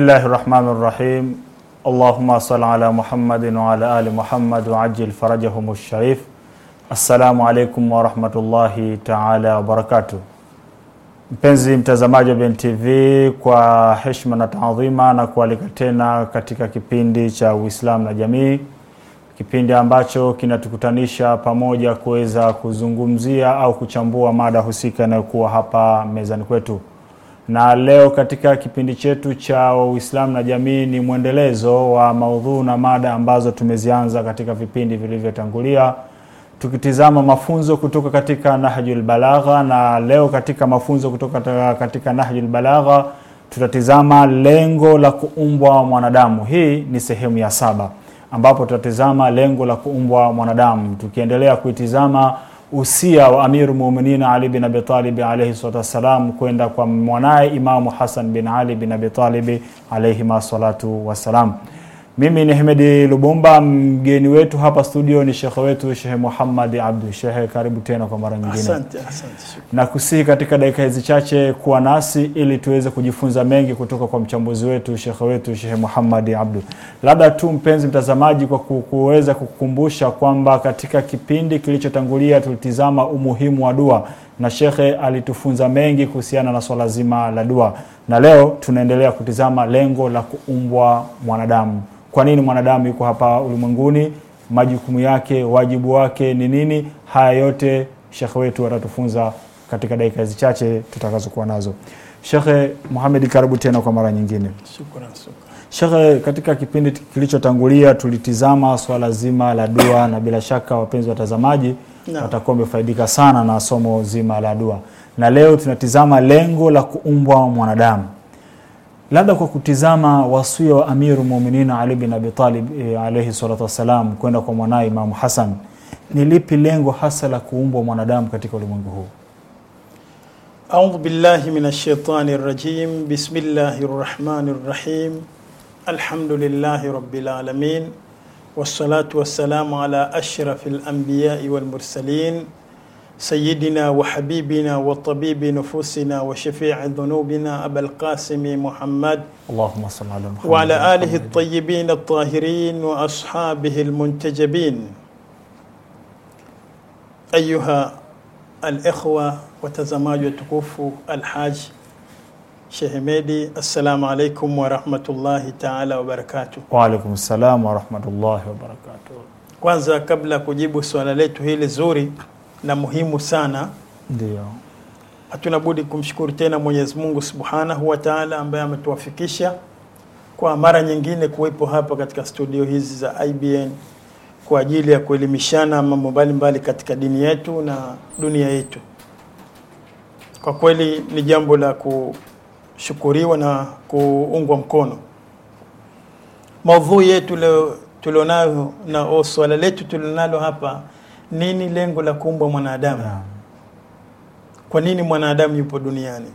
الله الرحمن الرحيم اللهم صل على محمد وعلى آل محمد وعجل فرجهم الشريف السلام عليكم ورحمة الله تعالى وبركاته Mpenzi mtazamaji wa BNTV, kwa heshima na taadhima na kualika tena katika kipindi cha Uislamu na Jamii, kipindi ambacho kinatukutanisha pamoja kuweza kuzungumzia au kuchambua mada husika inayokuwa hapa mezani kwetu na leo katika kipindi chetu cha Uislamu na jamii ni mwendelezo wa maudhuu na mada ambazo tumezianza katika vipindi vilivyotangulia, tukitizama mafunzo kutoka katika Nahjul Balagha, na leo katika mafunzo kutoka katika Nahjul Balagha tutatizama lengo la kuumbwa mwanadamu. Hii ni sehemu ya saba ambapo tutatizama lengo la kuumbwa mwanadamu, tukiendelea kuitizama usia wa Amiru Muminin Ali bin Abi Talib alayhi salatu wassalam kwenda kwa mwanaye Imamu Hasan bin Ali bin Abi Talib alayhima salatu wassalam. Mimi ni Hemedi Lubumba, mgeni wetu hapa studio ni shekhe wetu Shehe Muhammad Abdu. Shehe, karibu tena kwa mara nyingine. Asante, asante. Nakusihi katika dakika hizi chache kuwa nasi ili tuweze kujifunza mengi kutoka kwa mchambuzi wetu shekhe wetu Shehe Muhammad Abdu. Labda tu mpenzi mtazamaji, kwa kuweza kukumbusha kwamba katika kipindi kilichotangulia tulitizama umuhimu wa dua na shekhe alitufunza mengi kuhusiana na swala zima la dua, na leo tunaendelea kutizama lengo la kuumbwa mwanadamu kwa nini mwanadamu yuko hapa ulimwenguni, majukumu yake, wajibu wake ni nini. Haya yote shekhe wetu atatufunza katika dakika hizi chache tutakazokuwa nazo. Shekhe Muhamed, karibu tena kwa mara nyingine. Shukran, shukran. Shekhe, katika kipindi kilichotangulia tulitizama swala zima la dua, na bila shaka wapenzi watazamaji no. watakuwa wamefaidika sana na somo zima la dua, na leo tunatizama lengo la kuumbwa mwanadamu labda kwa kutizama wasia wa Amiru Mu'minin Ali bin Abi Talib eh, alayhi salatu wassalam kwenda kwa mwanae Imamu Hassan, ni lipi lengo hasa la kuumbwa mwanadamu katika ulimwengu huu? A'udhu billahi minash shaitani rrajim. Bismillahir rahmanir rahim. Alhamdulillahi rabbil alamin wassalatu wassalamu ala ashrafil anbiya'i wal mursalin سيدنا وحبيبنا وطبيب نفوسنا وشفيع ذنوبنا أبا القاسم محمد اللهم صل على محمد وعلى آله الطيبين الطاهرين وأصحابه المنتجبين أيها الإخوة وتزماج التكوف الحاج شيخ ميدي السلام عليكم ورحمة الله تعالى وبركاته وعليكم السلام ورحمة الله وبركاته kwanza kabla kujibu swala letu hili zuri na muhimu sana. Ndio, hatuna budi kumshukuru tena Mwenyezi Mungu Subhanahu wa Ta'ala ambaye ametuwafikisha kwa mara nyingine kuwepo hapa katika studio hizi za IBN kwa ajili ya kuelimishana mambo mbalimbali katika dini yetu na dunia yetu. Kwa kweli ni jambo la kushukuriwa na kuungwa mkono. Maudhui yetu leo tulionayo na swala letu tulionalo hapa nini lengo la kuumbwa mwanadamu yeah. kwa nini mwanadamu yupo duniani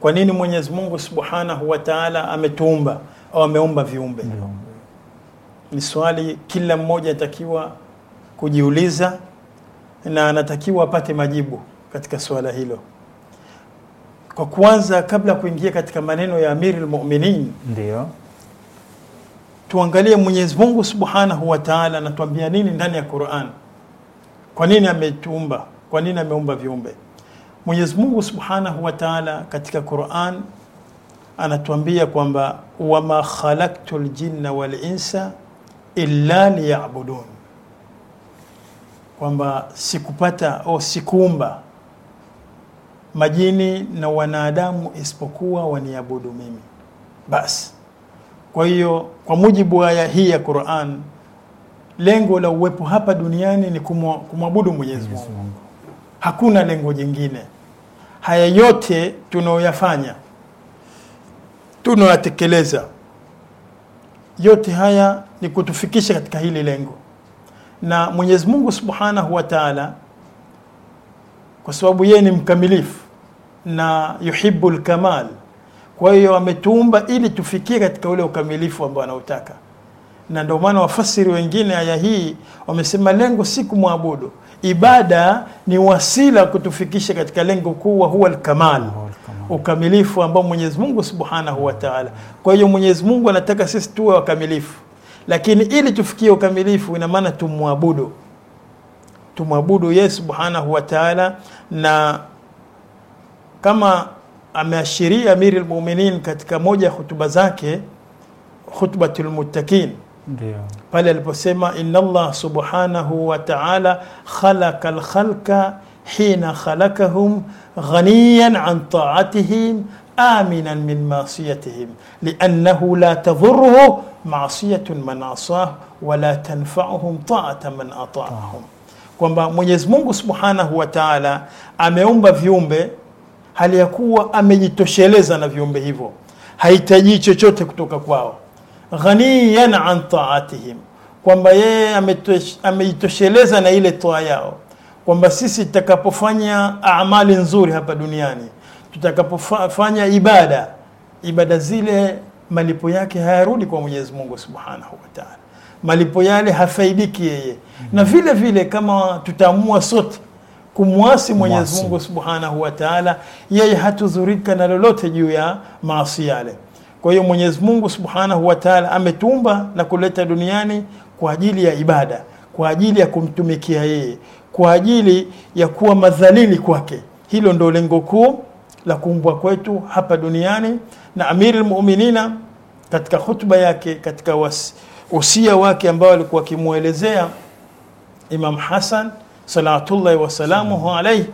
kwa nini mwenyezi mungu subhanahu wa taala ametuumba au ameumba viumbe yeah. ni swali kila mmoja atakiwa kujiuliza na anatakiwa apate majibu katika suala hilo kwa kwanza kabla ya kuingia katika maneno ya amiri lmuminin ndio tuangalie mwenyezi mungu subhanahu wa taala anatuambia nini ndani ya quran kwa nini ametuumba? Kwa nini ameumba viumbe? Mwenyezi Mungu Subhanahu wa Ta'ala katika Qur'an anatuambia kwamba wama khalaqtul jinna wal insa illa liya'budun, kwamba sikupata au sikuumba majini na wanadamu isipokuwa waniabudu mimi basi. Kwa hiyo kwa mujibu wa aya hii ya Qur'an lengo la uwepo hapa duniani ni kumwabudu Mwenyezi Mungu, hakuna lengo jingine. Haya yote tunaoyafanya tunaoyatekeleza, yote haya ni kutufikisha katika hili lengo, na Mwenyezi Mungu Subhanahu wa Ta'ala, kwa sababu yeye ni mkamilifu na yuhibbul kamal, kwa hiyo ametuumba ili tufikie katika ule ukamilifu ambao anautaka na ndio maana wafasiri wengine aya hii wamesema lengo si kumwabudu, ibada ni wasila kutufikisha katika lengo kuu, wa huwa alkamal, ukamilifu ambao Mwenyezi Mungu Subhanahu wa Ta'ala. Kwa hiyo Mwenyezi Mungu anataka sisi tuwe wakamilifu, lakini ili tufikie ukamilifu, ina maana tumwabudu, tumwabudu yeye Subhanahu wa Ta'ala, na kama ameashiria Amiri Mu'minin katika moja ya hutuba zake, khutbatul muttaqin Ndiyo. Pale aliposema inna Allah subhanahu wa ta'ala khalaka al-khalqa hina khalakahum ghaniyan an ta'atihim aminan min masiyatihim li'annahu la tadhurruhu ma'siyatun man asah wa la tanfa'uhum ta'ata man ata'ahum. Kwamba Mwenyezi Mungu Subhanahu wa Ta'ala ameumba viumbe hali ya kuwa amejitosheleza na viumbe hivyo, haitaji chochote kutoka kwao ghaniyan an taatihim, kwamba yeye ameitosheleza na ile toa yao, kwamba sisi tutakapofanya amali nzuri hapa duniani, tutakapofanya ibada, ibada zile malipo yake hayarudi kwa Mwenyezi Mungu Subhanahu wa Ta'ala, malipo yale hafaidiki yeye. mm -hmm. Na vile vile kama tutaamua sote kumwasi Mwenyezi Mungu Subhanahu wa Ta'ala, yeye hatuzurika na lolote juu ya maasi yale. Kwa hiyo Mwenyezi Mungu Subhanahu wa Ta'ala ametumba na kuleta duniani kwa ajili ya ibada, kwa ajili ya kumtumikia yeye, kwa ajili ya kuwa madhalili kwake. Hilo ndo lengo kuu la kuumbwa kwetu hapa duniani. Na Amirul lmuminina katika hutuba yake, katika usia wake ambao alikuwa akimwelezea Imam Hasan salawatullahi wasalamuhu alaihi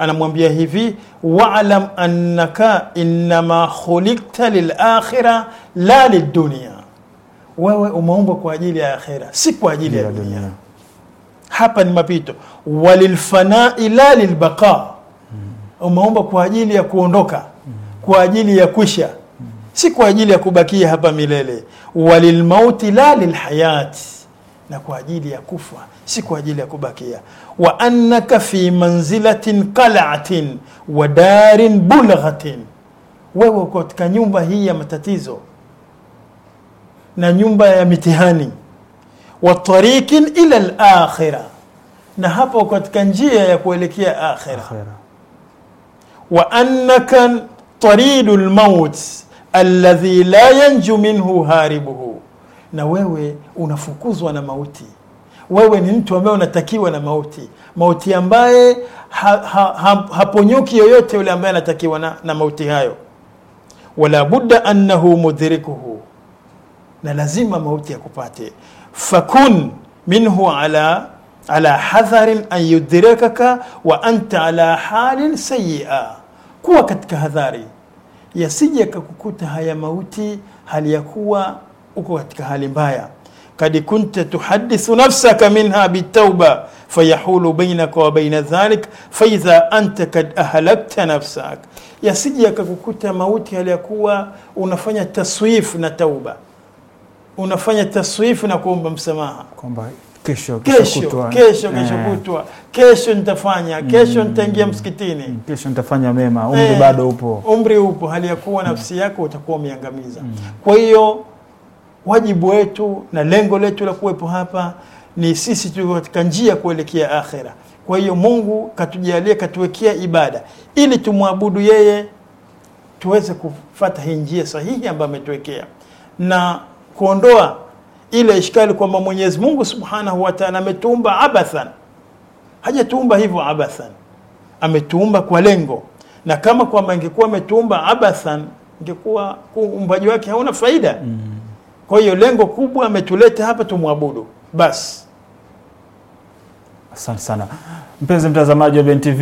anamwambia hivi walam annaka innama khulikta lilakhira la lidunia, wewe umeumbwa kwa ajili ya akhira, si kwa ajili ya dunia, Hapa ni mapito walilfanai la lilbaqa, hmm. umeumbwa kwa ajili ya kuondoka, kwa ajili ya kwisha, si kwa ajili ya kubakia hapa milele. Walilmauti la lilhayati, na kwa ajili ya kufa, si kwa ajili ya kubakia wa annaka fi manzilatin qalatin wa darin bulghatin, wewe uko katika nyumba hii ya matatizo na nyumba ya mitihani, wa tariqin ila al-akhirah, na hapo katika njia ya kuelekea akhira, wa annaka taridu al-maut alladhi la yanju minhu haribuhu, na wewe unafukuzwa na mauti wewe ni mtu ambaye unatakiwa na mauti mauti ambaye ha, ha, ha, haponyuki yoyote yule ambaye anatakiwa na, na mauti hayo wala budda annahu mudhirikuhu na lazima mauti yakupate fakun minhu ala ala hadharin an yudhirikaka wa anta ala halin sayia kuwa katika hadhari yasije kakukuta haya mauti hali ya kuwa uko katika hali mbaya kad kunta tuhadithu nafsaka minha bitauba fayahulu bainaka wa baina dhalik faidha anta kad ahlakta nafsak, yasiji yakakukuta mauti hali ya unafanya taswif na tauba, unafanya taswif na kuomba msamaha kumba. kesho kesho kutwa kesho, kesho, eh. kutwa. kesho nitafanya kesho mm. nitaingia msikitini mm, kesho nitafanya mema. Umri eh, bado upo, umri upo, hali ya kuwa nafsi yako utakuwa umeangamiza. Mm. Kwa hiyo wajibu wetu na lengo letu la kuwepo hapa ni sisi tuko katika njia kuelekea akhera. Kwa hiyo Mungu katujalia, katuwekea ibada ili tumwabudu yeye, tuweze kufata hii njia sahihi ambayo ametuwekea na kuondoa ile ishkali kwamba Mwenyezi Mungu Subhanahu wa Ta'ala ametuumba abathan. Hajatuumba hivyo abathan, ametuumba kwa lengo, na kama kwamba ingekuwa ametuumba abathan, ingekuwa uumbaji wake hauna faida mm. Kwa hiyo lengo kubwa ametuleta hapa tumwabudu basi. Asante sana mpenzi mtazamaji wa BNTV,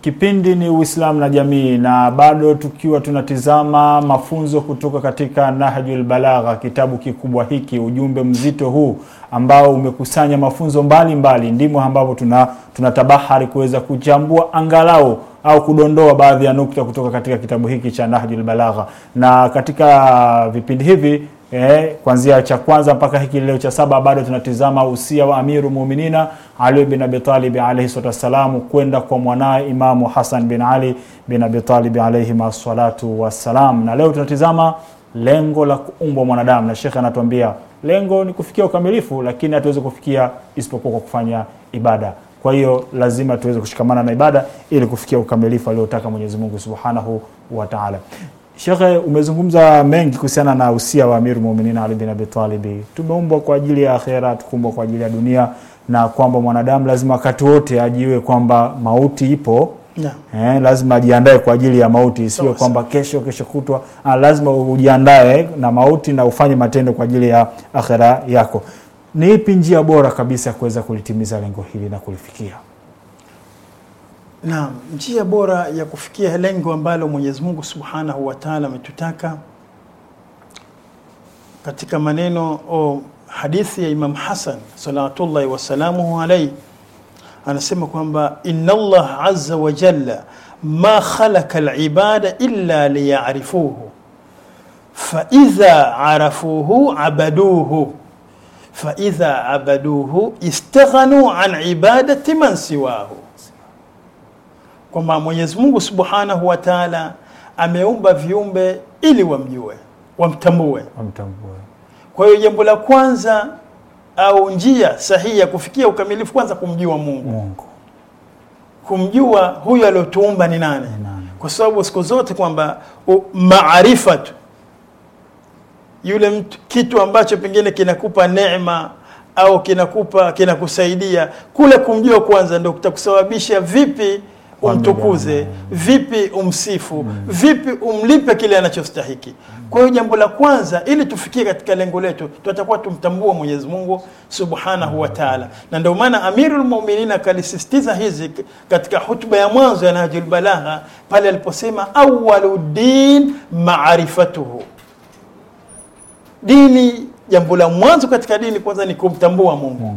kipindi ni Uislamu na Jamii, na bado tukiwa tunatizama mafunzo kutoka katika Nahjul Balagha, kitabu kikubwa hiki, ujumbe mzito huu ambao umekusanya mafunzo mbalimbali, ndimo ambapo tuna tunatabahari kuweza kuchambua angalau au kudondoa baadhi ya nukta kutoka katika kitabu hiki cha Nahjul Balagha, na katika vipindi hivi eh, kuanzia cha kwanza mpaka hiki leo cha saba bado tunatizama usia wa amiru muminina ali bin abitalib alaihi salatu wassalam kwenda kwa mwanaye imamu hasan bin ali bin abitalib alaihim assalatu wassalam na leo tunatizama lengo la kuumbwa mwanadamu na shekhe anatuambia lengo ni kufikia ukamilifu lakini hatuwezi kufikia isipokuwa kwa kufanya ibada kwa hiyo lazima tuweze kushikamana na ibada ili kufikia ukamilifu aliotaka mwenyezi mungu subhanahu wataala Shekhe, umezungumza mengi kuhusiana na usia wa Amiru Muminin Ali bin Abi Talib. Tumeumbwa kwa ajili ya akhera, tukumbwa kwa ajili ya dunia, na kwamba mwanadamu lazima wakati wote ajiwe kwamba mauti ipo yeah. Eh, lazima ajiandae kwa ajili ya mauti, sio kwamba kesho kesho kutwa. Ah, lazima ujiandae na mauti na ufanye matendo kwa ajili ya akhera yako. Ni ipi njia bora kabisa ya kuweza kulitimiza lengo hili na kulifikia? Naam, njia bora ya kufikia lengo ambalo Mwenyezi Mungu Subhanahu wa Ta'ala ametutaka katika maneno o hadithi ya Imam Hasan salawatullahi wasalamuhu alayhi anasema kwamba inna Allah azza wa jalla ma khalaqa al-ibada illa liya'rifuhu fa idha arafuhu abaduhu fa idha abaduhu istaghanu an ibadati man siwahu kwamba Mwenyezi Mungu Subhanahu wa Ta'ala ameumba viumbe ili wamjue, wamtambue, wamtambue. Kwa hiyo jambo la kwanza au njia sahihi ya kufikia ukamilifu kwanza kumjua Mungu, Mungu. Kumjua huyu aliyotuumba ni nani, nani. Kwa sababu siku zote kwamba maarifatu yule mtu, kitu ambacho pengine kinakupa neema au kinakupa kinakusaidia, kule kumjua kwanza ndio kutakusababisha vipi umtukuze vipi, umsifu vipi, umlipe kile anachostahiki. Kwa hiyo jambo la kwanza, ili tufikie katika lengo letu, tutakuwa tumtambua Mwenyezi Mungu Subhanahu wa Ta'ala, na ndio maana Amirul Mu'minin akalisisitiza hizi katika hutuba ya mwanzo ya Nahjul Balagha pale aliposema, awwaluddin ma'rifatuhu dini, jambo la mwanzo katika dini kwanza ni kumtambua Mungu,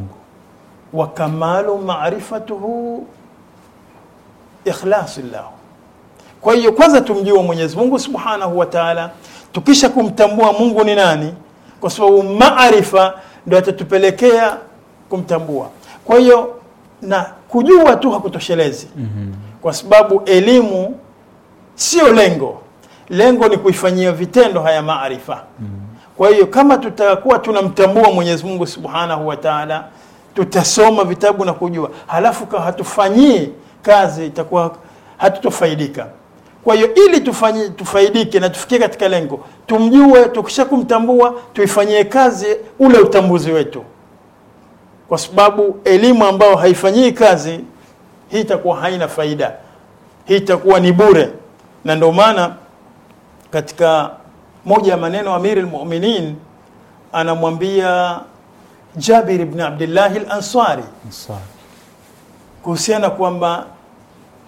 wa kamalu ma'rifatuhu ikhlasu Kwa hiyo kwanza tumjue Mwenyezi Mungu subhanahu wa taala, tukisha kumtambua Mungu ni nani, kwa sababu maarifa ndio atatupelekea kumtambua. Kwa hiyo na kujua tu hakutoshelezi mm -hmm. kwa sababu elimu sio lengo, lengo ni kuifanyia vitendo haya maarifa mm -hmm. kwa hiyo kama tutakuwa tunamtambua Mwenyezi Mungu subhanahu wa taala tutasoma vitabu na kujua, halafu hatufanyii kazi itakuwa hatutofaidika. Kwa hiyo ili tufanye, tufaidike na tufikie katika lengo, tumjue, tukisha kumtambua tuifanyie kazi ule utambuzi wetu, kwa sababu elimu ambayo haifanyii kazi hii itakuwa haina faida, hii itakuwa ni bure. Na ndio maana katika moja ya maneno Amirul lmuminin anamwambia Jabir ibn Abdillahi al-Ansari kuhusiana kwamba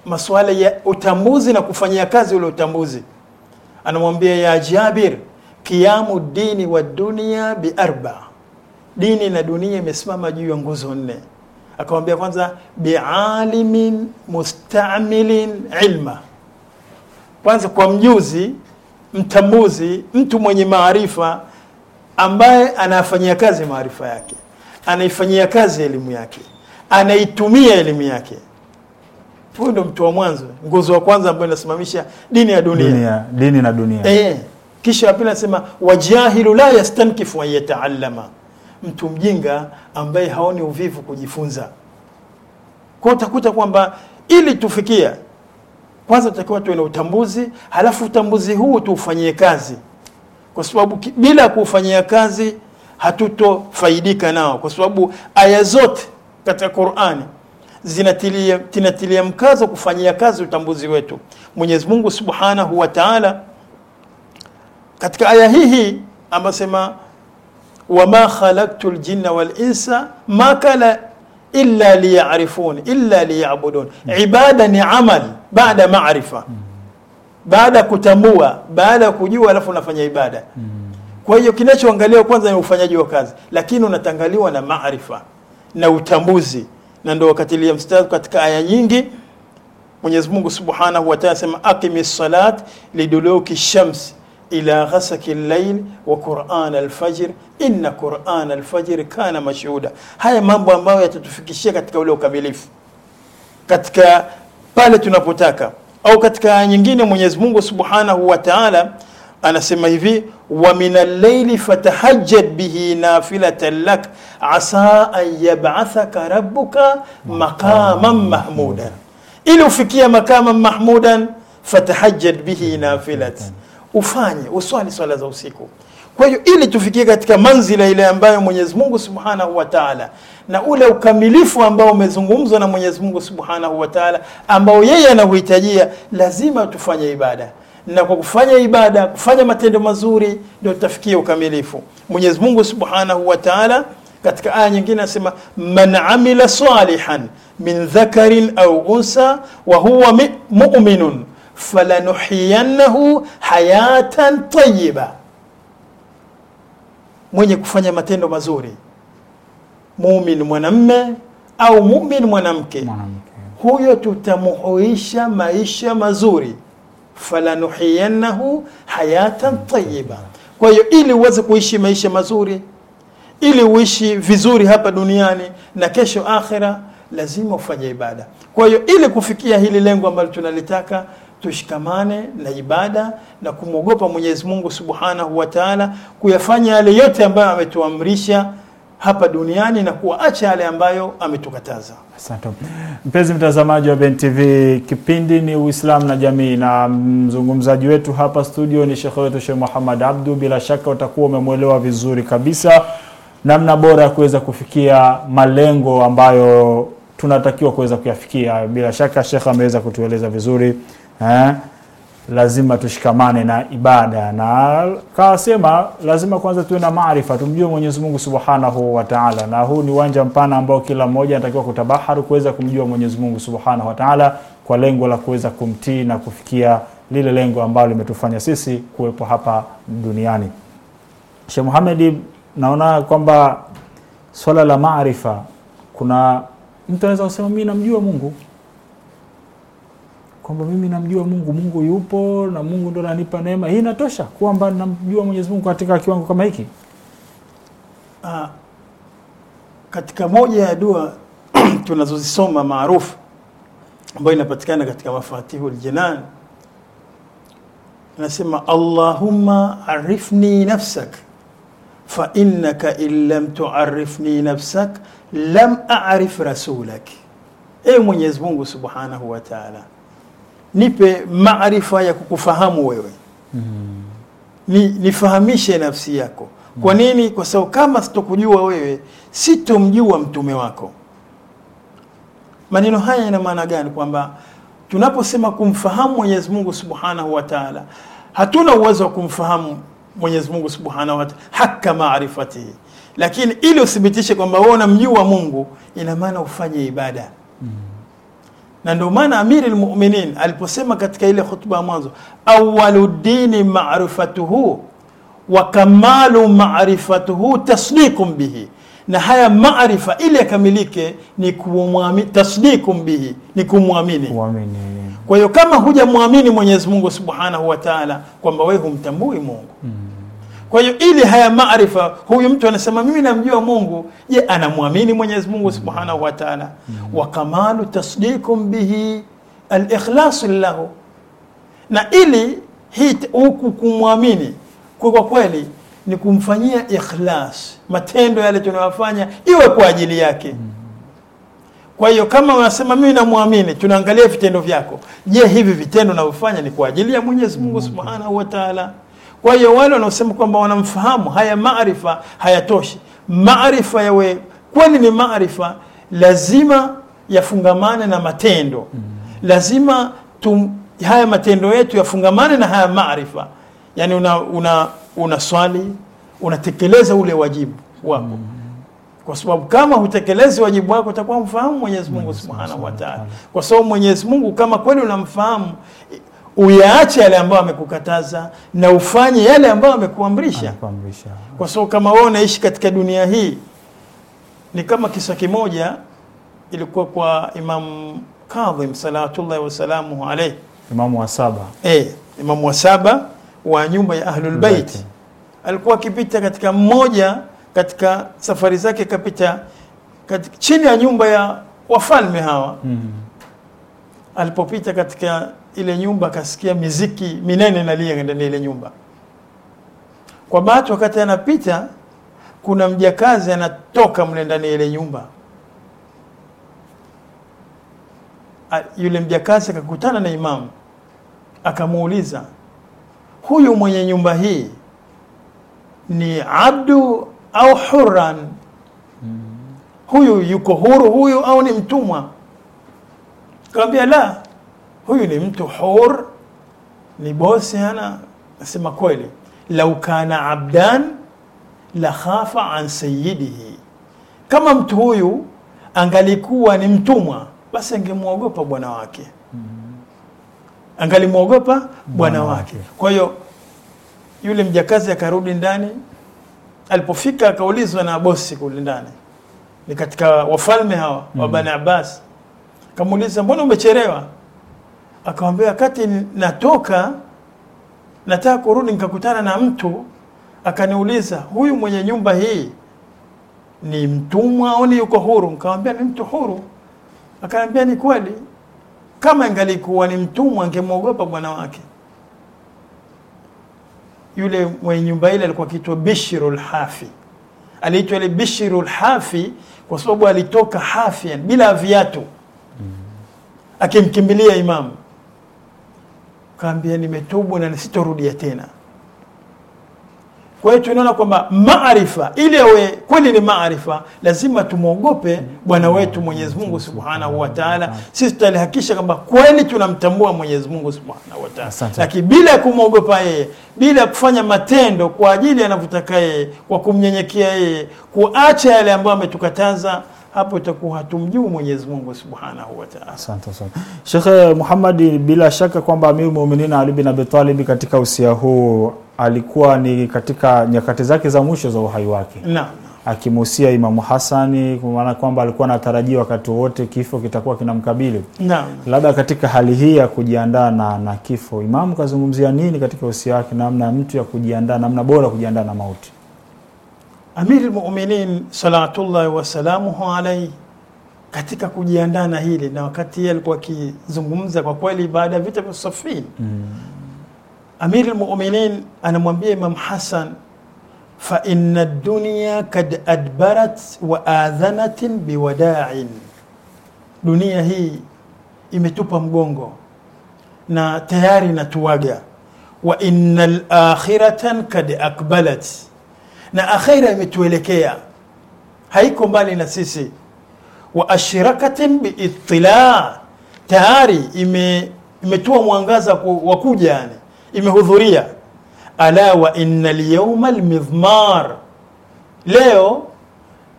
masuala ya utambuzi na kufanyia kazi ule utambuzi. Anamwambia ya Jabir, kiamu dini wa dunia bi arba, dini na dunia imesimama juu ya nguzo nne. Akamwambia kwanza, bialimin mustamilin ilma, kwanza kwa mjuzi mtambuzi, mtu mwenye maarifa ambaye anafanyia kazi maarifa yake, anaifanyia kazi elimu yake, anaitumia elimu yake huyu ndo mtu wa mwanzo, nguzo wa kwanza ambayo inasimamisha dini ya dunia, dunia dini na dunia e. Kisha pili anasema wajahilu la yastankifu an yataallama, mtu mjinga ambaye haoni uvivu kujifunza. Kwa utakuta kwamba ili tufikia kwanza tutakiwa tuwe na utambuzi, halafu utambuzi huu tuufanyie kazi, kwa sababu bila kuufanyia kazi hatutofaidika nao, kwa sababu aya zote katika Qur'ani zinatilia, tinatilia mkazo kufanyia kazi utambuzi wetu. Mwenyezi Mungu Subhanahu wa Ta'ala katika aya hii hii amesema, wama khalaqtu aljinna wal insa makala illa liyarifun illa liyabudun. Hmm. Ibada ni amal baada maarifa, hmm. baada kutambua, baada ya kujua, alafu unafanya ibada. Hmm. Kwa hiyo kinachoangaliwa kwanza ni ufanyaji wa kazi, lakini unatangaliwa na maarifa na utambuzi na ndio wakatilia mstari katika aya nyingi Mwenyezi Mungu Subhanahu wa Ta'ala asema aqimis salat liduluki shams ila ghasaki llail wa Qur'an alfajr inna Qur'an alfajr kana mashhuda Haya mambo ambayo yatatufikishia katika ule ukamilifu, katika pale tunapotaka, au katika aya nyingine Mwenyezi Mungu Subhanahu wa Ta'ala anasema hivi wa min al-layli fatahajjad bihi nafilatan lak asa an yab'athaka rabbuka maqaman mahmudan, ili ufikia maqaman mahmudan fatahajjad bihi nafilat, ufanye uswali swala za usiku. Kwa hiyo ili tufikie katika manzila ile ambayo Mwenyezi Mungu Subhanahu wa Ta'ala na ule ukamilifu ambao umezungumzwa na Mwenyezi Mungu Subhanahu wa Ta'ala ambao yeye anahuhitajia, lazima tufanye ibada na kwa kufanya ibada, kufanya matendo mazuri, ndio tutafikia ukamilifu. Mwenyezi Mungu Subhanahu wa Ta'ala katika aya nyingine anasema, man amila salihan min dhakarin au unsa wa huwa mu'minun falanuhiyannahu hayatan tayyiba, mwenye kufanya matendo mazuri, mumin mwanamme au mumin mwanamke, huyo tutamuhuisha maisha mazuri falanuhiyannahu hayatan tayyiba. Kwa hiyo ili uweze kuishi maisha mazuri, ili uishi vizuri hapa duniani na kesho akhira, lazima ufanye ibada. Kwa hiyo ili kufikia hili lengo ambalo tunalitaka tushikamane na ibada na kumwogopa Mwenyezi Mungu Subhanahu wa Ta'ala, kuyafanya yale yote ambayo ametuamrisha hapa duniani na kuwaacha yale ambayo ametukataza. Asante mpenzi mtazamaji wa BNTV, kipindi ni Uislamu na Jamii, na mzungumzaji wetu hapa studio ni shekhe wetu Sheikh Muhammad Abdu. Bila shaka utakuwa umemwelewa vizuri kabisa namna bora ya kuweza kufikia malengo ambayo tunatakiwa kuweza kuyafikia. Bila shaka Shekhe ameweza kutueleza vizuri eh? lazima tushikamane na ibada, na kasema lazima kwanza tuwe na maarifa, tumjue Mwenyezi Mungu Subhanahu wataala na huu ni uwanja mpana ambao kila mmoja anatakiwa kutabaharu kuweza kumjua Mwenyezi Mungu Subhanahu wataala kwa lengo la kuweza kumtii na kufikia lile lengo ambalo limetufanya sisi kuwepo hapa duniani. she muhamedi naona kwamba swala la maarifa, kuna mtu anaweza kusema mi namjua Mungu kwamba mimi namjua Mungu, Mungu yupo na Mungu ndo ananipa neema hii, inatosha kwamba namjua Mwenyezi Mungu katika kiwango kama hiki. Uh, katika moja ya dua tunazozisoma maarufu ambayo inapatikana katika Mafatihul Jinan nasema Allahumma arifni nafsak fa innaka in lam tuarifni nafsak lam arif rasulak. e Mwenyezi Mungu subhanahu wa taala nipe maarifa ya kukufahamu wewe mm. Ni, nifahamishe nafsi yako kwa mm-hmm. nini? Kwa sababu kama sitokujua wewe, sitomjua mtume wako. Maneno haya yana maana gani? Kwamba tunaposema kumfahamu Mwenyezi Mungu Subhanahu wa Ta'ala, hatuna uwezo wa kumfahamu Mwenyezi Mungu Subhanahu wa Ta'ala haka marifatihi lakini ili uthibitishe kwamba wewe unamjua Mungu, ina maana ufanye ibada mm na ndio maana amiri lmuminin aliposema katika ile khutba ya mwanzo awalu dini marifatuhu wa kamalu marifatuhu tasdikum bihi na haya marifa ili yakamilike ni tasdiqun bihi ni kumwamini kwa hiyo kama hujamwamini mwenyezi mungu subhanahu wa taala kwamba wewe humtambui mungu mm. Kwa hiyo ili haya maarifa, huyu mtu anasema mimi namjua Mungu. Je, anamwamini Mwenyezi Mungu subhanahu wa taala? Mm-hmm. wa kamalu tasdikum bihi alikhlasu lahu, na ili hii huku kumwamini kwa kweli ni kumfanyia ikhlas matendo yale tunayofanya iwe kwa ajili yake. Mm-hmm. Kwa hiyo kama unasema mimi namwamini, tunaangalia vitendo vyako. Je, hivi vitendo unavyofanya ni kwa ajili ya Mwenyezi Mungu mm-hmm. subhanahu wa taala? Kwa hiyo wale wanaosema kwamba wanamfahamu, haya maarifa hayatoshi. Maarifa yawe kwani ni maarifa, lazima yafungamane na matendo, mm-hmm. lazima tum, haya matendo yetu yafungamane na haya maarifa. Yani una, una, una swali unatekeleza ule wajibu wako mm-hmm. kwa sababu kama hutekelezi wajibu wako utakuwa mfahamu Mwenyezi Mungu Subhanahu wa Ta'ala, kwa sababu Mwenyezi Mungu kama kweli unamfahamu uyaache yale ambayo amekukataza na ufanye yale ambayo amekuamrisha, kwa sababu kama wewe unaishi katika dunia hii. Ni kama kisa kimoja ilikuwa kwa Imam Kadhim salawatullahi wasalamuhu alaihi, imamu wa saba e, imamu wa saba wa nyumba ya Ahlul Bait. Alikuwa akipita katika mmoja katika safari zake, kapita chini ya nyumba ya wafalme hawa mm -hmm alipopita katika ile nyumba akasikia miziki minene nalia ndani ile nyumba. Kwa bahati, wakati anapita kuna mjakazi anatoka mle ndani ile nyumba. A, yule mjakazi akakutana na imamu akamuuliza, huyu mwenye nyumba hii ni abdu au huran hmm. Huyu yuko huru huyu au ni mtumwa? Nikamwambia la, huyu ni mtu hur, ni bosi hana. Nasema kweli, lau kana abdan la khafa an sayyidihi, kama mtu huyu angalikuwa ni mtumwa, basi angemwogopa bwana wake mm-hmm. angalimwogopa bwana wake. Kwa hiyo yule mjakazi akarudi ndani. Alipofika akaulizwa na bosi kule ndani, ni katika wafalme hawa wa mm-hmm. Bani Abbas. Kamuuliza, mbona umechelewa? Akamwambia, wakati natoka nataka kurudi nikakutana na mtu akaniuliza, huyu mwenye nyumba hii ni mtumwa au ni yuko huru? Nikamwambia ni mtu huru. Akaniambia ni kweli, kama ingalikuwa ni mtumwa angemwogopa bwana wake. Yule mwenye nyumba ile alikuwa akiitwa Bishrul Hafi, aliitwa ile Bishrul Hafi kwa sababu alitoka hafi bila viatu akimkimbilia imamu, kaambia nimetubu na nisitorudia tena. Kwa hiyo tunaona kwamba maarifa ili awe kweli ni maarifa, lazima tumwogope Bwana wetu Mwenyezi Mungu Subhanahu wa Ta'ala. Sisi tutalihakisha kwamba kweli tunamtambua Mwenyezi Mungu Subhanahu wa Ta'ala, lakini bila ya kumwogopa yeye, bila ya kufanya matendo kwa ajili anavyotaka yeye, kwa kumnyenyekea yeye, kuacha yale ambayo ametukataza hapo itakuwa hatumjuu Mwenyezi Mungu Subhanahu wa Ta'ala. Asante sana. Sheikh eh, Muhammad, bila shaka kwamba Amir Muuminin Ali bin Abi Talib katika usia huu alikuwa ni katika nyakati zake za mwisho za uhai wake. Naam akimhusia Imamu Hasani kwa maana kwamba alikuwa anatarajia wakati wowote kifo kitakuwa kinamkabili. Naam. Labda katika hali hii ya kujiandaa na, na kifo, Imamu kazungumzia nini katika usia wake, namna mtu ya kujiandaa, namna bora kujiandaa na mauti? Amiri Muminin salawatullahi wasalamuhu alaihi katika kujiandaa na hili na wakati yeye alikuwa akizungumza kwa kweli baada ya vita vya Safin mm. Amiri Muminin anamwambia Imam Hasan fa inna dunya kad adbarat wa adhanatin biwada'in, dunia hii imetupa mgongo na tayari inatuaga. Wa innal akhiratan kad akbalat na akhera imetuelekea haiko mbali na sisi wa ashrakatin biitila tayari ime mwangaza wa kuja yani imehudhuria ala wa inna lyawma lmidhmar leo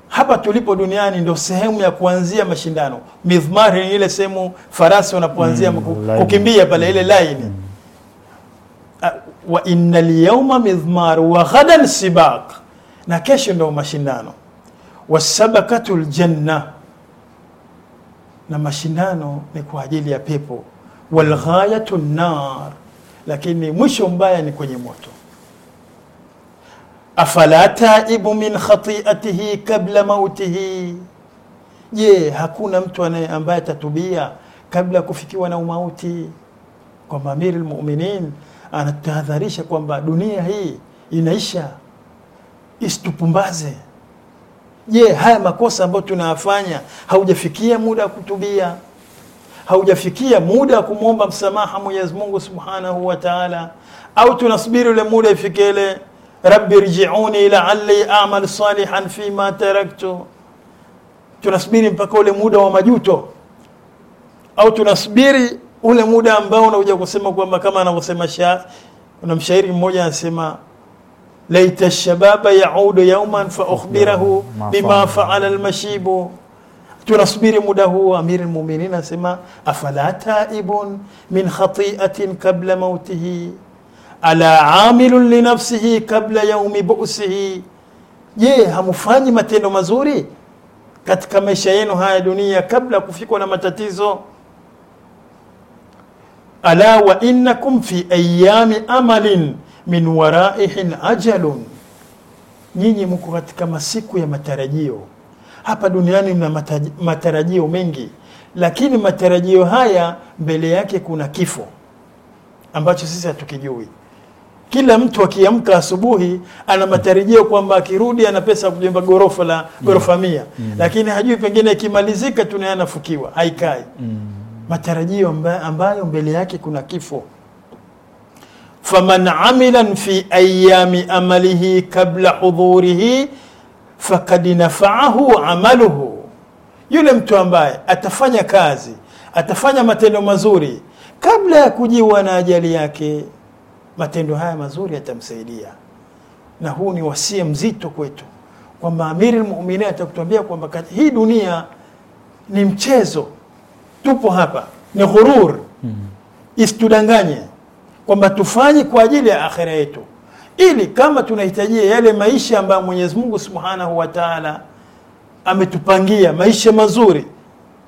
hapa tulipo duniani ndo sehemu ya kuanzia mashindano midhmar ni ile sehemu farasi wanapoanzia mm, kukimbia pale ile laini mm. wa inna lyawma midhmar wa ghadan sibaq na kesho ndo mashindano. Wasabakatu ljanna, na mashindano ni kwa ajili ya pepo. Walghayatu nar, lakini mwisho mbaya ni kwenye moto. Afala taibu min khatiatihi kabla mautihi, je, hakuna mtu ambaye atatubia kabla ya kufikiwa na umauti? Kwamba Amiri lmuminin anatahadharisha kwamba dunia hii inaisha isitupumbaze. Je, haya makosa ambayo tunayafanya, haujafikia muda wa kutubia? Haujafikia muda wa kumwomba msamaha Mwenyezi Mungu Subhanahu wa Ta'ala? Au tunasubiri ule muda ifike ile rabbi rji'uni la'alli a'mal salihan fima taraktu? Tunasubiri mpaka ule muda wa majuto, au tunasubiri ule muda ambao unakuja kusema kwamba kama anavyosema kuna mshairi mmoja anasema laita shababa yaudu yauman faukhbirahu bima faala almashibu tunasubiri muda huu. Amiri lmuminin anasema afala taibun min khatiatin kabla mautihi ala amilun linafsihi kabla yaumi busihi, je, hamufanyi matendo mazuri katika maisha yenu haya dunia kabla kufikwa na matatizo? Ala wa innakum fi ayami amalin min waraihin ajalun, nyinyi mko katika masiku ya matarajio. Hapa duniani mna matarajio mengi, lakini matarajio haya mbele yake kuna kifo ambacho sisi hatukijui. Kila mtu akiamka asubuhi ana matarajio kwamba akirudi ana pesa kujenga gorofa la gorofa mm. mia yeah. mm. lakini hajui pengine ikimalizika tunaye anafukiwa haikai mm. matarajio ambayo mbele yake kuna kifo faman amilan fi ayami amalihi kabla hudhurihi fakad nafaahu amaluhu, yule mtu ambaye atafanya kazi atafanya matendo mazuri kabla ya kujiwa na ajali yake, matendo haya mazuri yatamsaidia. Na huu ni wasia mzito kwetu, kwamba Amiri Lmuminin atakutuambia kwamba hii dunia ni mchezo, tupo hapa, ni ghurur, hmm. isitudanganye kwamba tufanye kwa ajili ya akhira yetu, ili kama tunahitajia yale maisha ambayo Mwenyezi Mungu Subhanahu wa Ta'ala ametupangia, maisha mazuri,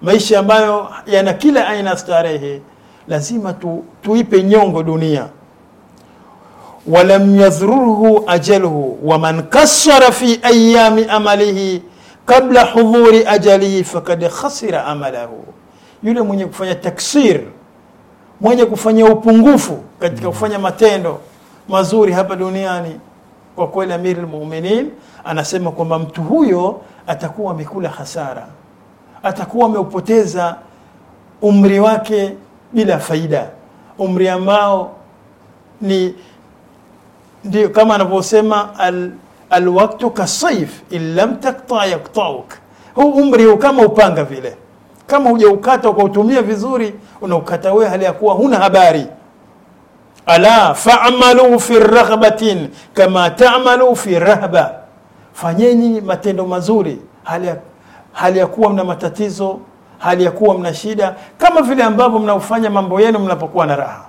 maisha ambayo yana kila aina starehe, lazima tu, tuipe nyongo dunia. walam yadhurhu ajaluhu wa man kasara fi ayami amalihi kabla hudhuri ajalihi fakad khasira amalahu, yule mwenye kufanya taksir mwenye kufanya upungufu katika kufanya matendo mazuri hapa duniani. Kwa kweli Amiri lmuminin anasema kwamba mtu huyo atakuwa amekula hasara, atakuwa ameupoteza umri wake bila faida, umri ambao ni ndio kama anavyosema al, alwaktu kasaif in lam takta yaktauk, huu umri kama upanga vile kama hujaukata ukautumia vizuri, unaukata wewe hali ya kuwa huna habari. Ala fa'malu fi raghbatin kama ta'malu fi rahba, fanyeni matendo mazuri hali ya, hali ya kuwa mna matatizo, hali ya kuwa mna shida, kama vile ambavyo mnaofanya mambo yenu mnapokuwa na raha.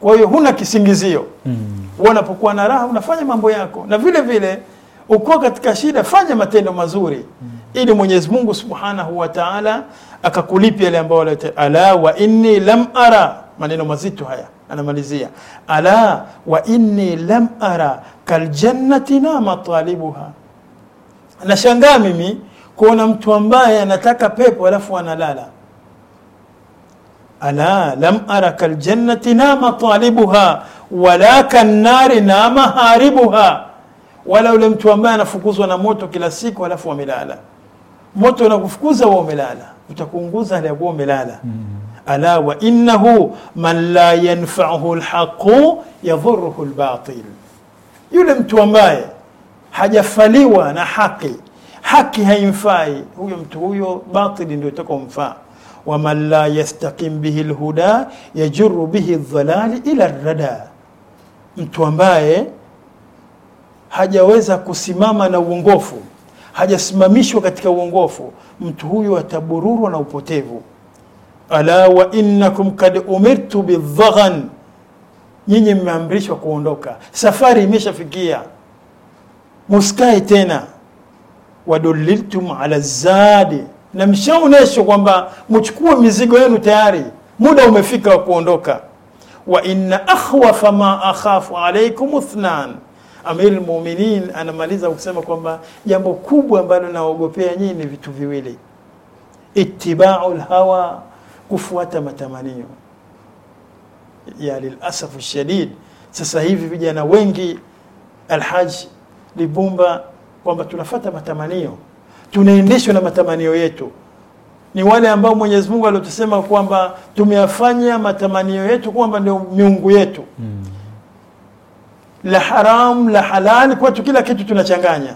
Kwa hiyo huna kisingizio mm. wanapokuwa na raha unafanya mambo yako, na vile vile uko katika shida, fanya matendo mazuri mm ili Mwenyezi Mungu Subhanahu wa Ta'ala akakulipa yale ambayo ala wa inni lam ara, maneno mazito haya anamalizia, ala wa inni lam ara kaljannati na matalibuha. Nashangaa mimi kuona mtu ambaye anataka pepo alafu analala. Ala lam ara kaljannati na matalibuha wala kannari na maharibuha, wala ule mtu ambaye anafukuzwa na moto kila siku alafu amelala moto unakufukuza wewe umelala utakuunguza hali ya kuwa umelala mm. ala wa innahu man la yanfa'uhu alhaqu yadhurruhu albatil yule mtu ambaye hajafaliwa na haki haki haimfai huyo mtu huyo batili ndio itakomfaa man la yastaqim bihi lhuda yajurru bihi adh-dhalal ila rada mtu ambaye hajaweza kusimama na uongofu hajasimamishwa katika uongofu, mtu huyu atabururwa na upotevu. Ala wa innakum kad umirtu bidhaghan, nyinyi mmeamrishwa kuondoka, safari imeshafikia, musikae tena. Waduliltum ala zadi, na mshaoneshwa kwamba mchukue mizigo yenu tayari, muda umefika wa kuondoka. Wa inna akhwafa ma akhafu alaikum ithnan amir Mu'minin anamaliza kusema kwamba jambo kubwa ambalo naogopea nyinyi ni vitu viwili, ittiba'ul hawa, kufuata matamanio ya lilasafu shadid. Sasa hivi vijana wengi Alhaji Libumba, kwamba tunafata matamanio, tunaendeshwa na matamanio yetu. Ni wale ambao Mwenyezi Mungu alitusema kwamba tumeyafanya matamanio yetu kwamba ndio miungu yetu mm la haramu la halali, kwetu kila kitu tunachanganya,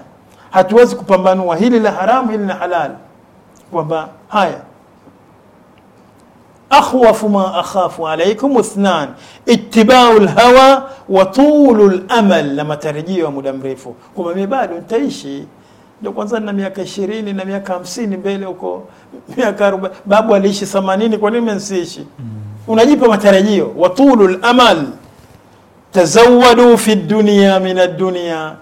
hatuwezi kupambanua hili la haramu hili la halali, kwamba haya akhwafu ma akhafu alaikum ithnan ittibau lhawa wa tulu lamal, na matarajio ya muda mrefu, kwamba mimi bado nitaishi ndio kwanza na miaka ishirini na miaka hamsini mbele huko miaka arobaini babu aliishi themanini, kwa nini mimi nisiishi? Mm. Unajipa matarajio wa tulu lamal tazawadu fi dunia min ad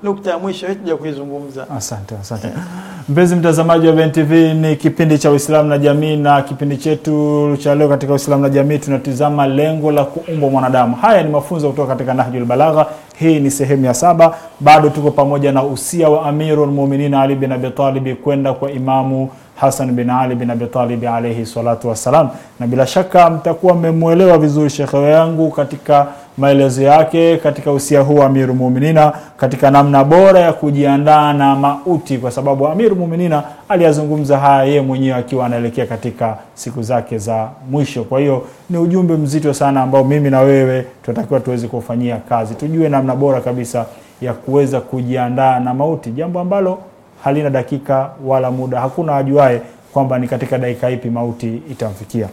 nukta ya mwisho hatuja kuizungumza. Asante, asante mpenzi mtazamaji wa BNTV, ni kipindi cha Uislamu na Jamii, na kipindi chetu cha leo katika Uislamu na Jamii tunatizama lengo la kuumbwa mwanadamu. Haya ni mafunzo kutoka katika Nahjul Balagha. Hii ni sehemu ya saba. Bado tuko pamoja na usia wa Amirul Mu'minin Ali bin Abi Talib kwenda kwa Imamu hasan bin Ali bin Abi Talib alayhi salatu wassalam. Na bila shaka mtakuwa mmemwelewa vizuri shekhe yangu katika maelezo yake katika usia huu wa Amiru Muminina katika namna bora ya kujiandaa na mauti, kwa sababu Amiru Muminina aliyazungumza haya yeye mwenyewe akiwa anaelekea katika siku zake za mwisho. Kwa hiyo ni ujumbe mzito sana ambao mimi na wewe tunatakiwa tuweze kufanyia kazi, tujue namna bora kabisa ya kuweza kujiandaa na mauti, jambo ambalo halina dakika wala muda, hakuna ajuaye kwamba ni katika dakika ipi mauti itamfikia.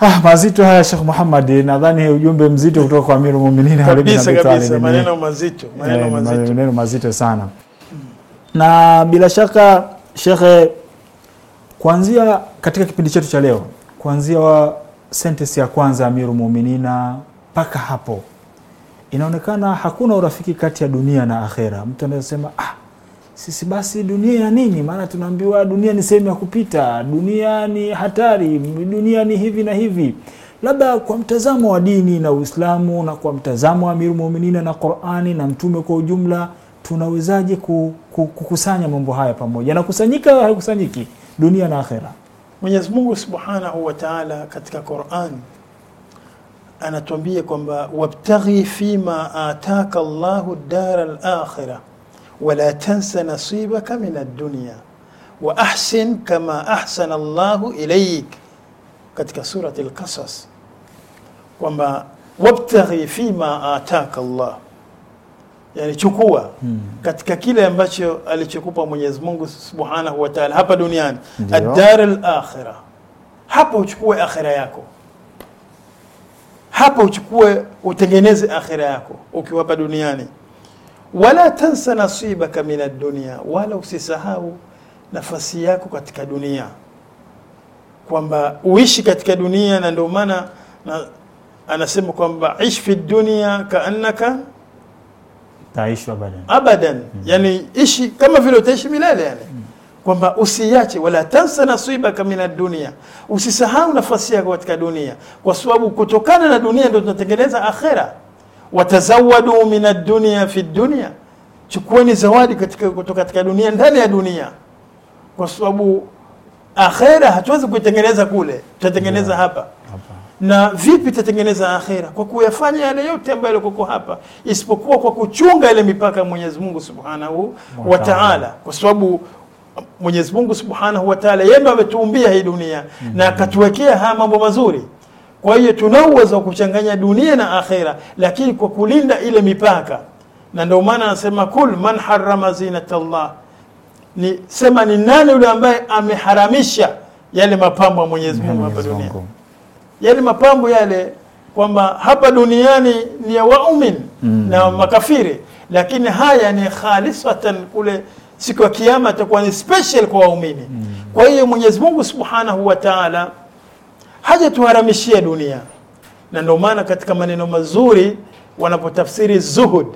Ah, mazito haya Sheikh Muhammad, nadhani ujumbe mzito kutoka kwa Amirul Mu'minin Ali bin Abi Talib. Maneno mazito, eh, maneno eh, mazito. Maneno mazito sana. Hmm. Na bila shaka Sheikh, kuanzia katika kipindi chetu cha leo, kuanzia wa sentence ya kwanza Amirul Mu'minin mpaka hapo inaonekana hakuna urafiki kati ya dunia na akhera. Mtu anasema ah sisi basi dunia ya nini? Maana tunaambiwa dunia ni sehemu ya kupita, dunia ni hatari, dunia ni hivi na hivi. Labda kwa mtazamo wa dini na Uislamu na kwa mtazamo wa amiru Muuminina na Qurani na Mtume kwa ujumla, tunawezaje kukusanya mambo haya pamoja? nakusanyika au haikusanyiki dunia na akhera? Mwenyezi Mungu Subhanahu wa Ta'ala katika Qurani anatuambia kwamba wabtaghi fima ataka Allahu dara al-akhirah wala tansa nasibaka min ad-dunya wa ahsin kama ahsana Allahu ilaik, katika surati al-Qasas kwamba wabtaghi fima ataka Allah, yani chukua hmm, katika kile ambacho alichokupa Mwenyezi Mungu Subhanahu wa Ta'ala hapa duniani, ad-dar al-akhirah, hapo uchukue akhira yako hapo uchukue utengeneze akhira yako ukiwa hapa duniani wala tansa nasibaka min ad wala usisahau nafasi yako katika dunia, kwamba uishi katika dunia. Na ndio maana anasema kwamba ish fi dunia kaannaka taishi abadan abadan, hmm. Yani ishi kama vile utaishi milele yani, hmm. kwamba usiache, wala tansa nasibaka min ad usisahau nafasi yako katika dunia, kwa sababu kutokana na dunia ndio tunatengeneza akhera watazawadu min ad-dunya fi dunya, chukueni zawadi katika kutoka katika dunia ndani ya dunia, kwa sababu akhera hatuwezi kuitengeneza kule, tutatengeneza yeah. hapa hapa na vipi tutatengeneza akhera? Kwa kuyafanya yale yote ambayo koko hapa, isipokuwa kwa kuchunga ile mipaka ya Mwenyezi Mungu Subhanahu wa Ta'ala, kwa sababu Mwenyezi Mungu Subhanahu wa Ta'ala yeye ndiye ametuumbia hii dunia mm -hmm. na akatuwekea haya mambo mazuri kwa hiyo tuna uwezo wa kuchanganya dunia na akhera, lakini kwa kulinda ile mipaka. Na ndio maana anasema kul man harrama zinata llah, ni sema ni nani yule ambaye ameharamisha yale mapambo ya Mwenyezi Mungu hapa duniani, yale mapambo yale kwamba hapa duniani ni ya waumin mm. na makafiri, lakini haya ni khalisatan kule siku ya Kiyama, atakuwa ni special kwa waumini mm. kwa hiyo Mwenyezi Mungu subhanahu wa taala haja tuharamishie dunia. Na ndio maana katika maneno mazuri wanapotafsiri zuhud,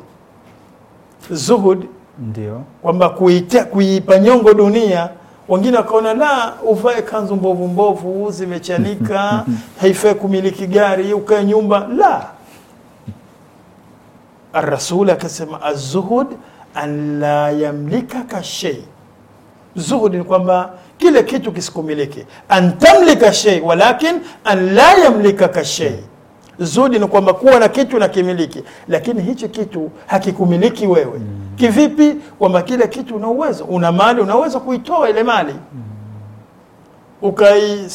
zuhud ndio kwamba kuipa nyongo dunia wengine wakaona la, uvae kanzu mbovu mbovu zimechanika, haifai kumiliki gari, ukae nyumba. La, Rasul akasema azuhud an la yamlikaka shei. Zuhud ni kwamba kile kitu kisikumiliki. Antamlika shei walakin an la yamlikaka shei. zudi ni kwamba kuwa na kitu na kimiliki, lakini hichi kitu hakikumiliki wewe. Mm. Kivipi? Kwamba kile kitu una uwezo, una mali, unaweza kuitoa ile mali mm.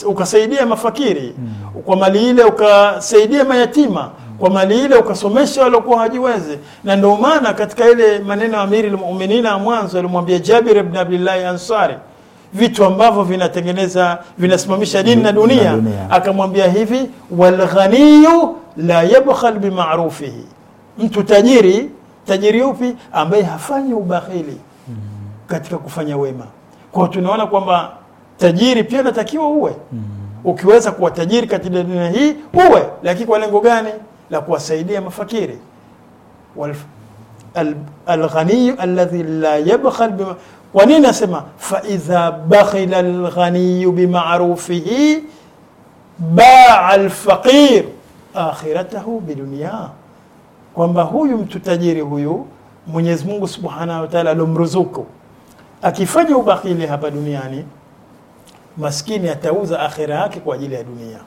ukasaidia mafakiri mm. kwa mali ile, ukasaidia mayatima mm. kwa mali ile ukasomesha waliokuwa hajiwezi. Na ndio maana katika ile maneno ya Amiri Almuminina ya mwanzo alimwambia Jabir ibn Abdillahi Ansari vitu ambavyo vinatengeneza vinasimamisha dini na dunia, dunia. Akamwambia hivi walghaniyu la yabkhal bimarufihi, mtu tajiri. Tajiri upi? Ambaye hafanyi ubakhili mm katika kufanya wema. Kwa tunaona kwamba tajiri pia unatakiwa uwe mm ukiweza kuwa tajiri katika dunia hii uwe, lakini kwa lengo gani? La kuwasaidia mafakiri Walf alghaniyu alladhi la yabkhal bima kwa nini asema faidha bakhila lghaniyu bimarufihi baa lfaqir akhiratahu bidunia, kwamba huyu mtu tajiri huyu Mwenyezi Mungu subhanahu wa taala alomruzuku akifanya ubakhili hapa duniani, maskini atauza akhira yake kwa ajili ya dunia.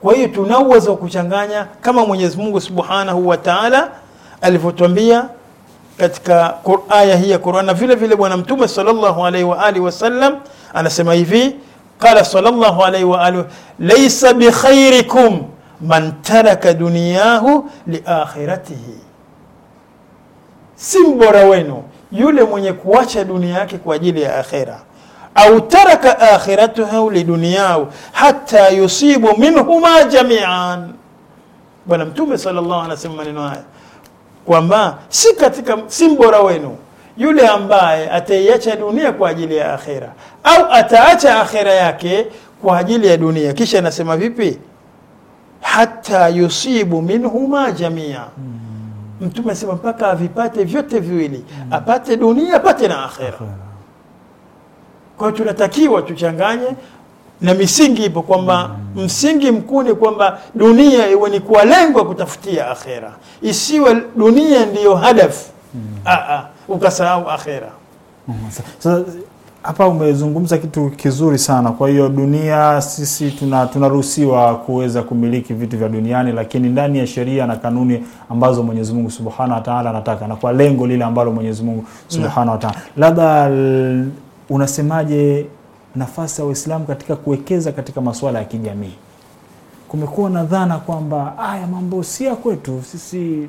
Kwa hiyo tuna uwezo wa kuchanganya kama Mwenyezi Mungu subhanahu wa taala alivyotwambia katika aya hii ya Qur'an. Na vile vile Bwana Mtume sallallahu alaihi wa alihi wasallam anasema hivi, qala sallallahu alaihi wa alihi, laysa bi khairikum man taraka dunyahu li akhiratihi, si mbora wenu yule mwenye kuacha dunia yake kwa ajili ya akhera au taraka akhiratahu liduniyahu hata yusibu minhuma jamian. Bwana Mtume sallallahu alaihi anasema maneno haya kwamba si katika si mbora wenu yule ambaye ataiacha dunia kwa ajili ya akhera au ataacha akhera yake kwa ajili ya dunia. Kisha anasema vipi? hata yusibu minhuma jamia. Hmm. Mtume anasema mpaka avipate vyote viwili. Hmm. Apate dunia apate na akhera. Kwa tunatakiwa tuchanganye na misingi ipo kwamba msingi mkuu ni kwamba dunia iwe ni kwa lengo ya kutafutia akhera, isiwe dunia ndiyo hadafu hmm. ukasahau akhera sasa hmm. Hapa umezungumza kitu kizuri sana. Kwa hiyo dunia, sisi tunaruhusiwa kuweza kumiliki vitu vya duniani, lakini ndani ya sheria na kanuni ambazo Mwenyezi Mungu Subhanahu wa Ta'ala anataka na kwa lengo lile ambalo Mwenyezi Mungu hmm. Subhanahu wa Ta'ala, labda unasemaje nafasi ya Waislamu katika kuwekeza katika masuala ya kijamii. Kumekuwa na dhana kwamba haya mambo si ya kwetu sisi,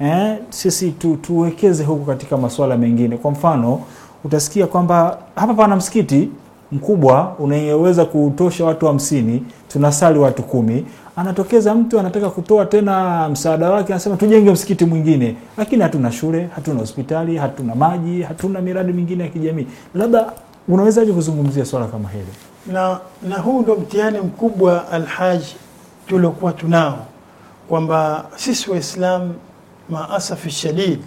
eh, sisi tu, tuwekeze huku katika masuala mengine. Kwa mfano utasikia kwamba hapa pana msikiti mkubwa unayeweza kutosha watu hamsini wa tunasali watu kumi. Anatokeza mtu anataka kutoa tena msaada wake, anasema tujenge msikiti mwingine, lakini hatuna shule, hatuna hospitali, hatuna maji, hatuna miradi mingine ya kijamii. Labda Unawezaje kuzungumzia swala kama hili? Na, na huu ndo mtihani mkubwa Alhaji tuliokuwa tunao kwamba sisi Waislamu maasafi shadid,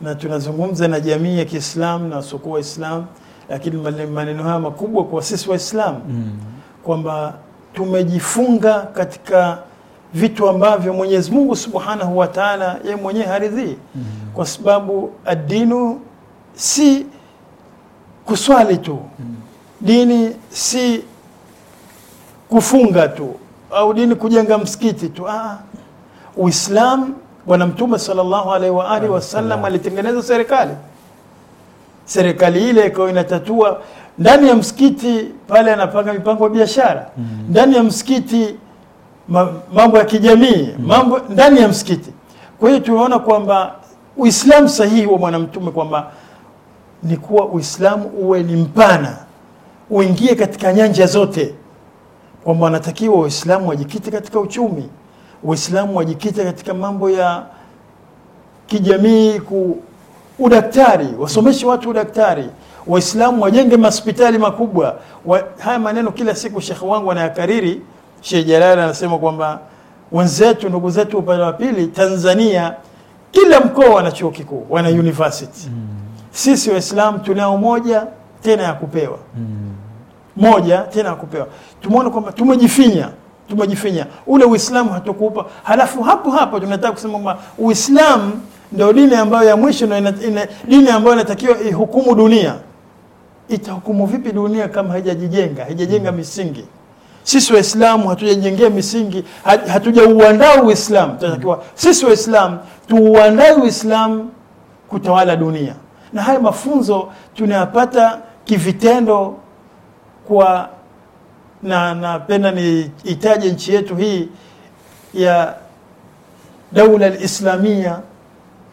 na tunazungumza na jamii ya Kiislamu na wasiokuwa Waislamu, lakini maneno haya makubwa kwa sisi Waislamu mm. kwamba tumejifunga katika vitu ambavyo Mwenyezi Mungu Subhanahu wa Ta'ala yeye mwenyewe haridhii mm. kwa sababu adinu si kuswali tu. Dini si kufunga tu au dini kujenga msikiti tu. Ah, ah. Uislamu, Bwana Mtume sallallahu alaihi wa alihi wasallam alitengeneza serikali. Serikali ile ikawa inatatua ndani ya msikiti pale, anapanga mipango ya biashara mm. ndani ya msikiti, mambo ya kijamii, mm. mambo ndani ya msikiti. Kwa hiyo tunaona kwamba Uislamu sahihi wa Bwana Mtume kwamba ni kuwa Uislamu uwe ni mpana, uingie katika nyanja zote, kwamba wanatakiwa Waislamu wajikite katika uchumi, Waislamu wajikite katika mambo ya kijamii, ku udaktari, wasomeshe watu udaktari, Waislamu wajenge mahospitali makubwa wa, haya maneno kila siku shekhe wangu anayakariri. Sheikh Jalal anasema kwamba wenzetu, ndugu zetu upande wa pili Tanzania, kila mkoa wana chuo kikuu, wana university mm. Sisi Waislamu tunao moja tena ya kupewa mm. moja tena ya kupewa. Tumeona kwamba tumejifinya, tumejifinya ule Uislamu hatukuupa, halafu hapo hapo tunataka kusema kwamba Uislamu ndio dini ambayo ya mwisho, dini ambayo inatakiwa ihukumu dunia. Itahukumu vipi dunia kama haijajijenga, haijajenga hmm. misingi? Sisi Waislamu hatujajengea misingi, hatujauandaa Uislamu. Tunatakiwa sisi Waislamu tuuandae Uislamu kutawala dunia na haya mafunzo tunayapata kivitendo kwa na napenda niitaje nchi yetu hii ya daula lislamia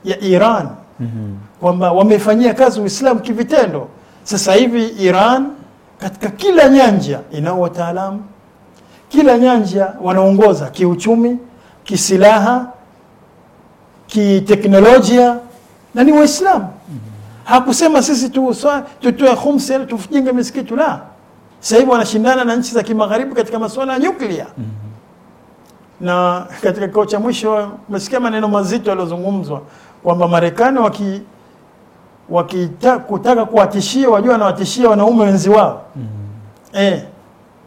ya Iran mm -hmm. kwamba wamefanyia kazi Uislamu kivitendo. Sasa hivi Iran katika kila nyanja inao wataalamu, kila nyanja wanaongoza kiuchumi, kisilaha, kiteknolojia na ni Waislamu hakusema sisi tu tutoe khumsi ili tujenge misikiti, la. Sasa hivi wanashindana na nchi za kimagharibi katika masuala ya nyuklia mm -hmm. na katika kikao cha mwisho umesikia maneno mazito yaliyozungumzwa kwamba Marekani waki wakitaka kuwatishia wajua wanawatishia wanaume wenzi wao mm -hmm. eh,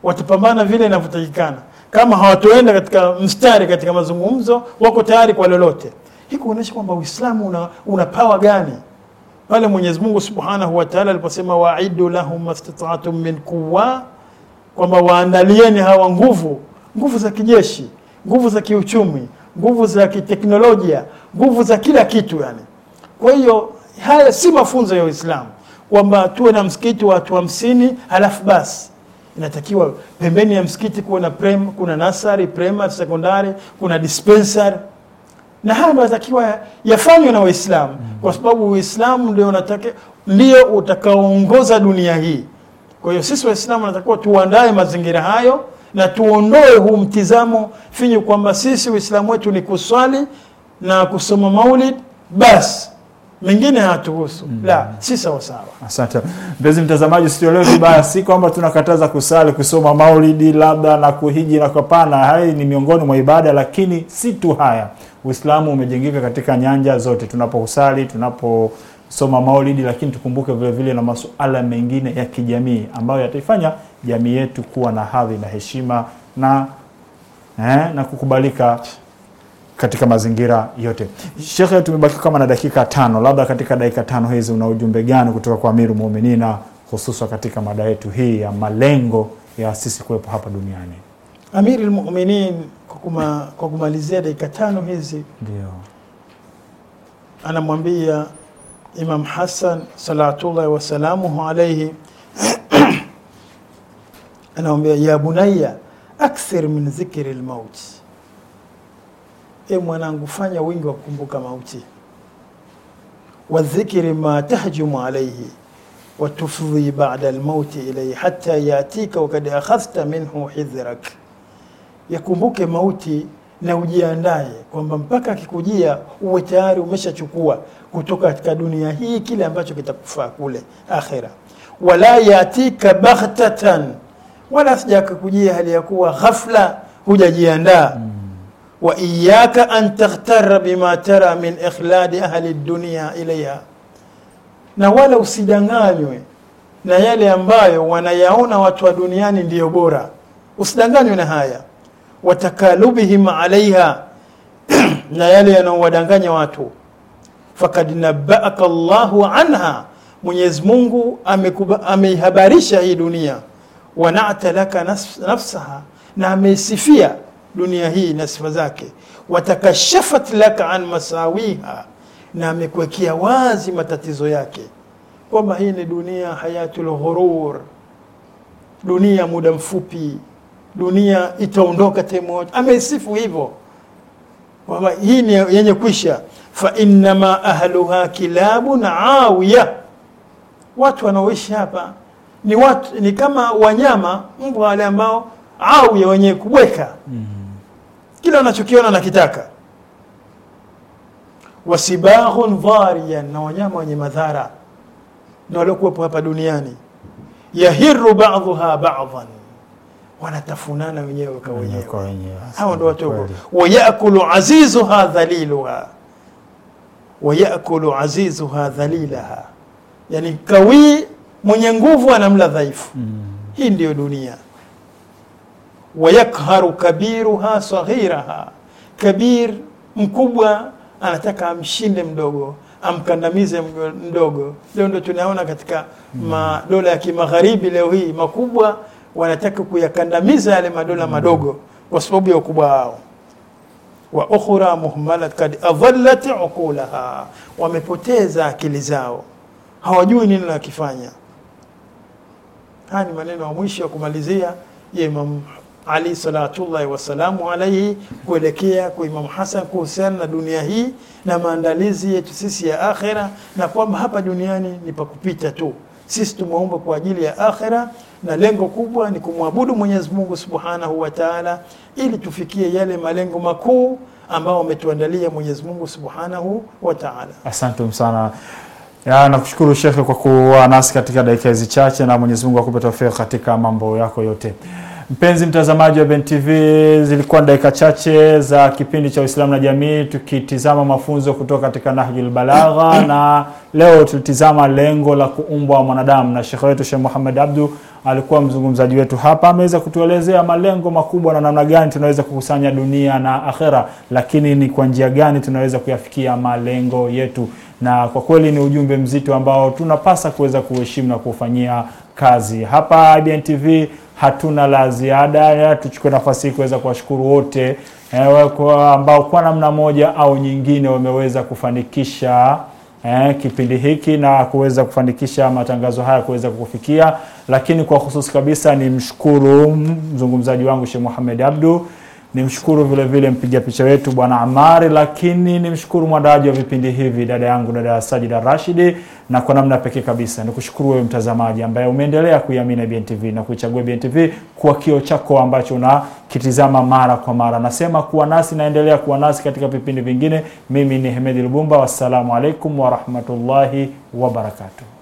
watapambana vile inavyotakikana. Kama hawatoenda katika mstari katika mazungumzo, wako tayari kwa lolote. Hii kuonyesha kwamba Uislamu una, una pawa gani pale Mwenyezi Mungu Subhanahu wa Ta'ala aliposema waidu lahum mastata'tum min quwwa, kwamba waandalieni hawa nguvu, nguvu za kijeshi, nguvu za kiuchumi, nguvu za kiteknolojia, nguvu za kila kitu yani. Kwa hiyo haya si mafunzo ya Uislamu kwamba tuwe na msikiti wa watu hamsini halafu basi inatakiwa pembeni ya msikiti kuwe na prem, kuna nasari primary, sekondari, kuna dispensary na haya ndio yatakiwa yafanywe na Waislamu kwa sababu Uislamu ndio unataka ndio utakaoongoza dunia hii. Kwa hiyo sisi Waislamu natakiwa tuandae mazingira hayo na tuondoe huu mtizamo finyu kwamba sisi Uislamu wetu ni kuswali na kusoma maulid basi mengine hatuhusu mm. La, si sawasawa. Asante mpenzi mtazamaji, situelewe vibaya, si kwamba tunakataza kusali, kusoma maulidi labda na kuhiji na kupana, hai ni miongoni mwa ibada, lakini si tu haya Uislamu umejengika katika nyanja zote, tunapokusali, tunaposoma maulidi, lakini tukumbuke vile vile na masuala mengine ya kijamii ambayo yataifanya jamii yetu kuwa na hadhi na heshima na eh, na kukubalika katika mazingira yote. Shekhe, tumebaki kama na dakika tano, labda katika dakika tano hizi una ujumbe gani kutoka kwa Amiru Muuminina hususan katika mada yetu hii ya malengo ya sisi kuwepo hapa duniani? Amirul Mu'minin kuma, kwa kumalizia dakika tano hizi ndio anamwambia Imam Hassan salatullahi wasalamuhu alaihi anamwambia ya bunayya akthir min dhikri lmauti, e mwanangu, fanya wingi wa kukumbuka mauti, wa dhikri ma tahjumu alaihi watufdhi bada lmauti ilaihi hatta yatika wakad akhadhta minhu hidhrak yakumbuke mauti na ujiandae kwamba mpaka akikujia uwe tayari umeshachukua kutoka katika dunia hii kile ambacho kitakufaa kule akhira. Wala yatika baghtatan, wala sijakukujia hali ya kuwa ghafla hujajiandaa. Hmm. wa iyaka an taghtara bima tara min ikhladi ahli dunia ilayha, na wala usidanganywe na yale ambayo wanayaona watu wa duniani ndiyo bora, usidanganywe na haya watakalubihim alaiha na yale yanaowadanganya watu fakad nabaaka llahu anha mwenyezi mungu ameihabarisha hii dunia wanata laka nafsaha na ameisifia dunia hii na sifa zake watakashafat laka an masawiha na amekuwekea wazi matatizo yake kwamba hii ni dunia hayatul ghurur dunia muda mfupi dunia itaondoka time moja. Amesifu hivyo kwamba hii ni yenye kuisha, fa innama ahluha kilabun awiya, watu wanaoishi hapa ni watu ni kama wanyama mbwa wale ambao awiya wenye kubweka mm -hmm. kila anachokiona nakitaka wasibahun dhariyan, na wanyama wenye madhara na waliokuwepo hapa duniani, yahiru baduha ba'dhan wanatafunana wenyewe kwa wenyewe. Hawa ndio watu wayakulu azizuha dhaliluha wayakulu azizuha dhalilaha, yani kawii mwenye nguvu anamla dhaifu. Mm. Hii ndiyo dunia. Wayakharu kabiruha saghiraha, kabir mkubwa anataka amshinde mdogo, amkandamize mdogo. Leo ndio tunaona katika mm. madola ya kimagharibi leo hii makubwa wanataka kuyakandamiza yale madola madogo kwa sababu ya ukubwa wao wa ukhra muhmalat kad adallat uqulaha, wamepoteza akili zao, hawajui nini la kifanya. Haya ni maneno ya mwisho ya kumalizia ya Imam Ali salatullahi wasalamu alaihi kuelekea kwa Imam Hasan kuhusiana na dunia hii na maandalizi yetu sisi ya akhera, na kwamba hapa duniani ni pakupita tu, sisi tumeumbwa kwa ajili ya akhera na lengo kubwa ni kumwabudu Mwenyezi Mungu Subhanahu wa Ta'ala, ili tufikie yale malengo makuu ambayo ametuandalia Mwenyezi Mungu Subhanahu wa Ta'ala. Asante sana. Ya, nakushukuru Shekhe kwa kuwa nasi katika dakika hizi chache na Mwenyezi Mungu akupe katika mambo yako yote. Mpenzi mtazamaji wa Ben TV, zilikuwa ni dakika chache za kipindi cha Uislamu na jamii tukitizama mafunzo kutoka katika Nahjul Balagha, na leo tulitizama lengo la kuumbwa mwanadamu, na shekhe wetu Sheikh Muhammad Abdu alikuwa mzungumzaji wetu hapa, ameweza kutuelezea malengo makubwa na namna gani tunaweza kukusanya dunia na akhera, lakini ni kwa njia gani tunaweza kuyafikia malengo yetu na kwa kweli ni ujumbe mzito ambao tunapasa kuweza kuheshimu na kufanyia kazi. Hapa IBN TV hatuna la ziada, tuchukue nafasi hii kuweza kuwashukuru wote eh, kwa ambao kwa namna moja au nyingine wameweza kufanikisha eh, kipindi hiki na kuweza kufanikisha matangazo haya kuweza kukufikia, lakini kwa khususi kabisa ni mshukuru mzungumzaji wangu Sheikh Mohamed Abdu nimshukuru vile vile mpiga picha wetu bwana Amari, lakini nimshukuru mwandaaji wa vipindi hivi dada yangu dada Sajida Rashidi, na kwa namna pekee kabisa nikushukuru wewe mtazamaji ambaye umeendelea kuiamini BNTV na kuichagua BNTV kwa kio chako ambacho unakitizama mara kwa mara. Nasema kuwa nasi, naendelea kuwa nasi katika vipindi vingine. Mimi ni Hemedi Lubumba, wassalamu alaikum warahmatullahi wabarakatuh.